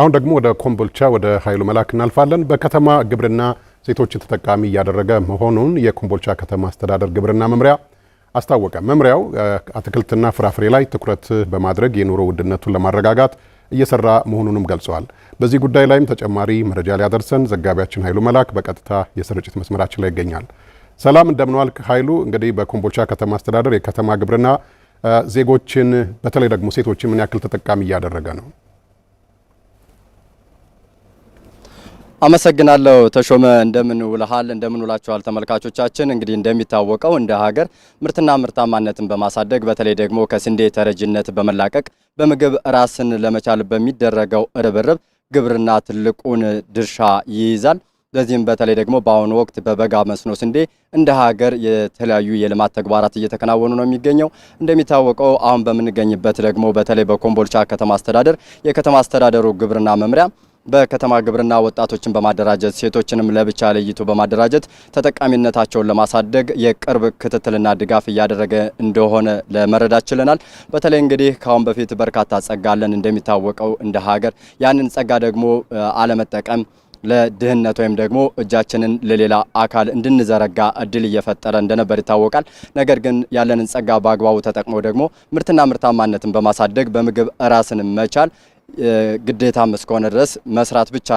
አሁን ደግሞ ወደ ኮምቦልቻ ወደ ኃይሉ መላክ እናልፋለን። በከተማ ግብርና ሴቶችን ተጠቃሚ እያደረገ መሆኑን የኮምቦልቻ ከተማ አስተዳደር ግብርና መምሪያ አስታወቀ። መምሪያው አትክልትና ፍራፍሬ ላይ ትኩረት በማድረግ የኑሮ ውድነቱን ለማረጋጋት እየሰራ መሆኑንም ገልጸዋል። በዚህ ጉዳይ ላይም ተጨማሪ መረጃ ሊያደርሰን ዘጋቢያችን ኃይሉ መላክ በቀጥታ የስርጭት መስመራችን ላይ ይገኛል። ሰላም እንደምንዋልክ ኃይሉ። እንግዲህ በኮምቦልቻ ከተማ አስተዳደር የከተማ ግብርና ዜጎችን በተለይ ደግሞ ሴቶችን ምን ያክል ተጠቃሚ እያደረገ ነው? አመሰግናለሁ ተሾመ። እንደምን ውልሃል? እንደምን ውላችኋል ተመልካቾቻችን። እንግዲህ እንደሚታወቀው እንደ ሀገር ምርትና ምርታማነትን በማሳደግ በተለይ ደግሞ ከስንዴ ተረጅነት በመላቀቅ በምግብ ራስን ለመቻል በሚደረገው ርብርብ ግብርና ትልቁን ድርሻ ይይዛል። ለዚህም በተለይ ደግሞ በአሁኑ ወቅት በበጋ መስኖ ስንዴ እንደ ሀገር የተለያዩ የልማት ተግባራት እየተከናወኑ ነው የሚገኘው። እንደሚታወቀው አሁን በምንገኝበት ደግሞ በተለይ በኮምቦልቻ ከተማ አስተዳደር የከተማ አስተዳደሩ ግብርና መምሪያ በከተማ ግብርና ወጣቶችን በማደራጀት ሴቶችንም ለብቻ ለይቶ በማደራጀት ተጠቃሚነታቸውን ለማሳደግ የቅርብ ክትትልና ድጋፍ እያደረገ እንደሆነ ለመረዳት ችለናል። በተለይ እንግዲህ ከአሁን በፊት በርካታ ጸጋ አለን እንደሚታወቀው እንደ ሀገር ያንን ጸጋ ደግሞ አለመጠቀም ለድህነት ወይም ደግሞ እጃችንን ለሌላ አካል እንድንዘረጋ እድል እየፈጠረ እንደነበር ይታወቃል። ነገር ግን ያለንን ጸጋ በአግባቡ ተጠቅሞ ደግሞ ምርትና ምርታማነትን በማሳደግ በምግብ ራስን መቻል ግዴታም እስከሆነ ድረስ መስራት ብቻ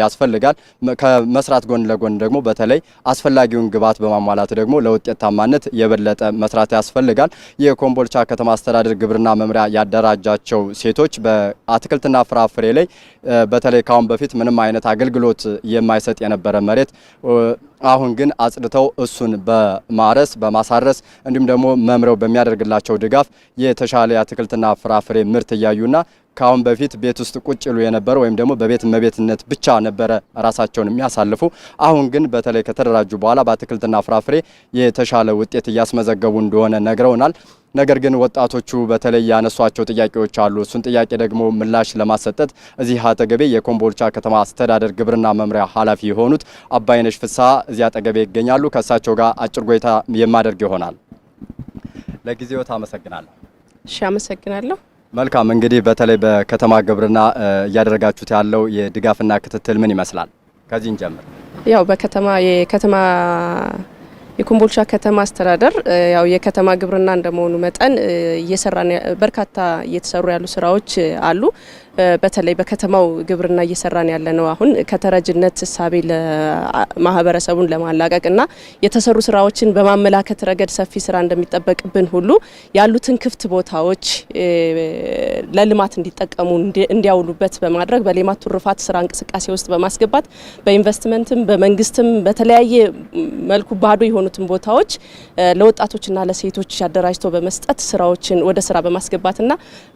ያስፈልጋል። ከመስራት ጎን ለጎን ደግሞ በተለይ አስፈላጊውን ግብዓት በማሟላት ደግሞ ለውጤታማነት የበለጠ መስራት ያስፈልጋል። የኮምቦልቻ ከተማ አስተዳደር ግብርና መምሪያ ያደራጃቸው ሴቶች በአትክልትና ፍራፍሬ ላይ በተለይ ካሁን በፊት ምንም አይነት አገልግሎት የማይሰጥ የነበረ መሬት አሁን ግን አጽድተው እሱን በማረስ በማሳረስ እንዲሁም ደግሞ መምሪያው በሚያደርግላቸው ድጋፍ የተሻለ የአትክልትና ፍራፍሬ ምርት እያዩና ከአሁን በፊት ቤት ውስጥ ቁጭ ይሉ የነበረ ወይም ደግሞ በቤት እመቤትነት ብቻ ነበረ ራሳቸውን የሚያሳልፉ። አሁን ግን በተለይ ከተደራጁ በኋላ በአትክልትና ፍራፍሬ የተሻለ ውጤት እያስመዘገቡ እንደሆነ ነግረውናል። ነገር ግን ወጣቶቹ በተለይ ያነሷቸው ጥያቄዎች አሉ። እሱን ጥያቄ ደግሞ ምላሽ ለማሰጠት እዚህ አጠገቤ የኮምቦልቻ ከተማ አስተዳደር ግብርና መምሪያ ኃላፊ የሆኑት አባይነሽ ፍስሐ እዚህ አጠገቤ ይገኛሉ። ከእሳቸው ጋር አጭር ቆይታ የማደርግ ይሆናል። ለጊዜዎት አመሰግናለሁ። እሺ፣ አመሰግናለሁ። መልካም እንግዲህ በተለይ በከተማ ግብርና እያደረጋችሁት ያለው የድጋፍና ክትትል ምን ይመስላል? ከዚህ እንጀምር። ያው በከተማ የከተማ የኮምቦልቻ ከተማ አስተዳደር ያው የከተማ ግብርና እንደመሆኑ መጠን እየሰራ በርካታ እየተሰሩ ያሉ ስራዎች አሉ። በተለይ በከተማው ግብርና እየሰራን ያለ ነው። አሁን ከተረጅነት እሳቤ ማህበረሰቡን ለማላቀቅና የተሰሩ ስራዎችን በማመላከት ረገድ ሰፊ ስራ እንደሚጠበቅብን ሁሉ ያሉትን ክፍት ቦታዎች ለልማት እንዲጠቀሙ እንዲያውሉበት በማድረግ በሌማት ትሩፋት ስራ እንቅስቃሴ ውስጥ በማስገባት በኢንቨስትመንትም በመንግስትም በተለያየ መልኩ ባዶ የሆኑትን ቦታዎች ለወጣቶችና ለሴቶች አደራጅቶ በመስጠት ስራዎችን ወደ ስራ በማስገባትና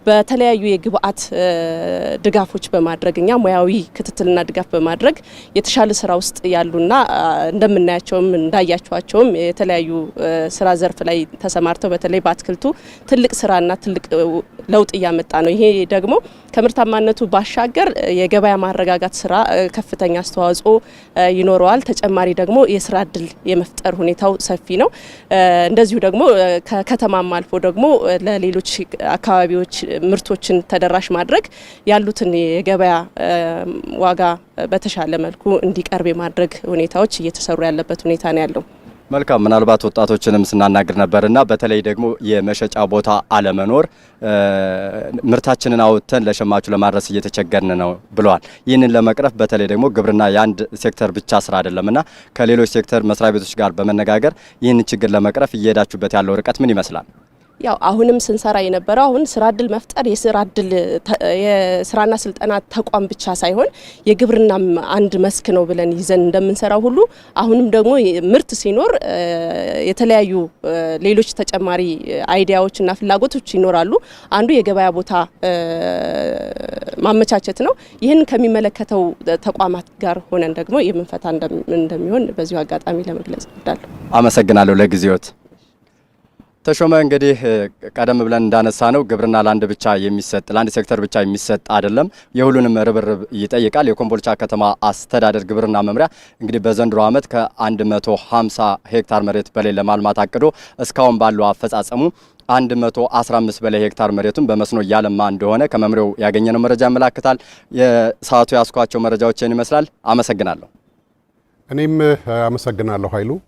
በተለያዩ የግብአት ድጋፎች በማድረግ እኛ ሙያዊ ክትትልና ድጋፍ በማድረግ የተሻለ ስራ ውስጥ ያሉና እንደምናያቸውም እንዳያቸዋቸውም የተለያዩ ስራ ዘርፍ ላይ ተሰማርተው በተለይ በአትክልቱ ትልቅ ስራና ትልቅ ለውጥ እያመጣ ነው። ይሄ ደግሞ ከምርታማነቱ ባሻገር የገበያ ማረጋጋት ስራ ከፍተኛ አስተዋጽኦ ይኖረዋል። ተጨማሪ ደግሞ የስራ እድል የመፍጠር ሁኔታው ሰፊ ነው። እንደዚሁ ደግሞ ከከተማም አልፎ ደግሞ ለሌሎች አካባቢዎች ምርቶችን ተደራሽ ማድረግ ያሉትን የገበያ ዋጋ በተሻለ መልኩ እንዲቀርብ የማድረግ ሁኔታዎች እየተሰሩ ያለበት ሁኔታ ነው ያለው። መልካም ምናልባት ወጣቶችንም ስናናግር እና በተለይ ደግሞ የመሸጫ ቦታ አለመኖር ምርታችንን አውጥተን ለሸማቹ ለማድረስ እየተቸገርን ነው ብለዋል። ይህንን ለመቅረፍ በተለይ ደግሞ ግብርና የአንድ ሴክተር ብቻ ስራ እና ከሌሎች ሴክተር መስሪያ ቤቶች ጋር በመነጋገር ይህንን ችግር ለመቅረፍ እየሄዳችሁበት ያለው ርቀት ምን ይመስላል? ያው አሁንም ስንሰራ የነበረው አሁን ስራ እድል መፍጠር የስራ እድል የስራና ስልጠና ተቋም ብቻ ሳይሆን የግብርናም አንድ መስክ ነው ብለን ይዘን እንደምንሰራው ሁሉ አሁንም ደግሞ ምርት ሲኖር የተለያዩ ሌሎች ተጨማሪ አይዲያዎችና ፍላጎቶች ይኖራሉ። አንዱ የገበያ ቦታ ማመቻቸት ነው። ይህን ከሚመለከተው ተቋማት ጋር ሆነን ደግሞ የምንፈታ እንደሚሆን በዚሁ አጋጣሚ ለመግለጽ እወዳለሁ። አመሰግናለሁ ለጊዜዎት። ተሾመ እንግዲህ ቀደም ብለን እንዳነሳ ነው ግብርና ለአንድ ብቻ የሚሰጥ ለአንድ ሴክተር ብቻ የሚሰጥ አይደለም፣ የሁሉንም ርብርብ ይጠይቃል። የኮምቦልቻ ከተማ አስተዳደር ግብርና መምሪያ እንግዲህ በዘንድሮ ዓመት ከ150 ሄክታር መሬት በላይ ለማልማት አቅዶ እስካሁን ባለው አፈጻጸሙ 115 በላይ ሄክታር መሬቱን በመስኖ እያለማ እንደሆነ ከመምሪያው ያገኘነው መረጃ ያመላክታል። የሰዓቱ ያስኳቸው መረጃዎችን ይመስላል። አመሰግናለሁ። እኔም አመሰግናለሁ ኃይሉ።